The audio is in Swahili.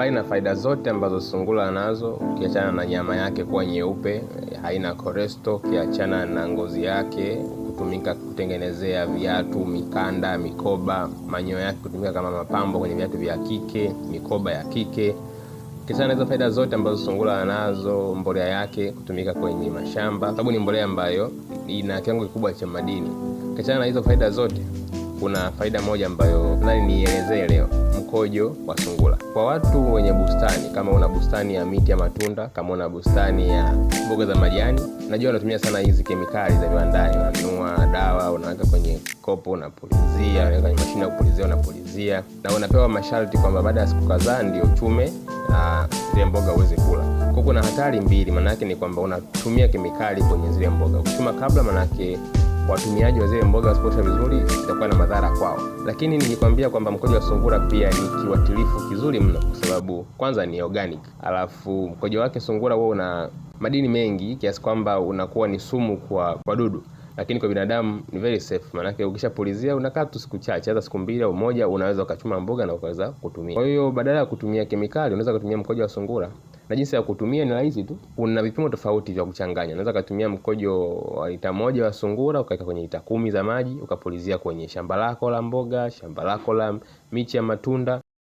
Mbali na faida zote ambazo sungura anazo, ukiachana na nyama yake kuwa nyeupe, haina koresto, ukiachana na ngozi yake kutumika kutengenezea viatu, mikanda, mikoba, manyoya yake kutumika kama mapambo kwenye viatu vya kike, mikoba ya kike. Ukiachana na hizo faida zote ambazo sungura anazo, mbolea yake kutumika kwenye mashamba, sababu ni mbolea ambayo ina kiwango kikubwa cha madini. Ukiachana na hizo faida zote, kuna faida moja ambayo nani nielezee leo mkojo wa sungura. Kwa watu wenye bustani, kama una bustani ya miti ya matunda, kama una bustani ya mboga za majani, najua wanatumia sana hizi kemikali za viwandani, unanua dawa unaweka kwenye kopo, unapulizia, unaweka kwenye mashine ya kupulizia, unapulizia, na unapewa masharti kwamba baada ya siku kadhaa ndio chume na zile mboga uwezi kula. kuna hatari mbili, maanaake ni kwamba unatumia kemikali kwenye zile mboga. Ukichuma kabla, maanaake watumiaji wa zile mboga wasipoosha vizuri itakuwa na madhara kwao. Lakini nikikwambia kwamba mkojo wa sungura pia ni kiwatilifu kizuri mno, kwa sababu kwanza ni organic, alafu mkojo wake sungura huo una madini mengi kiasi kwamba unakuwa ni sumu kwa wadudu lakini kwa binadamu ni very safe, maanake ukishapulizia unakaa tu siku chache, hata siku mbili au moja, unaweza ukachuma mboga na ukaweza kutumia. Kwa hiyo badala ya kutumia kemikali, unaweza kutumia mkojo wa sungura na jinsi ya kutumia ni rahisi tu. Kuna vipimo tofauti vya kuchanganya. Unaweza kutumia mkojo wa lita moja wa sungura ukaweka kwenye lita kumi za maji ukapulizia kwenye shamba lako la mboga, shamba lako la miche ya matunda.